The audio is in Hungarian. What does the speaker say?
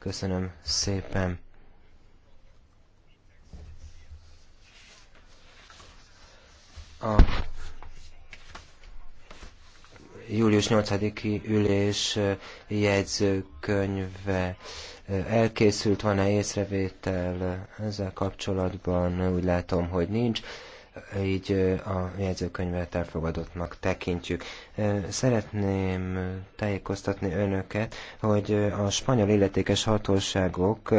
Köszönöm szépen. A július 8-i ülés jegyzőkönyve elkészült, van-e észrevétel ezzel kapcsolatban? Úgy látom, hogy nincs így a jegyzőkönyvet elfogadottnak tekintjük. Szeretném tájékoztatni önöket, hogy a spanyol illetékes hatóságok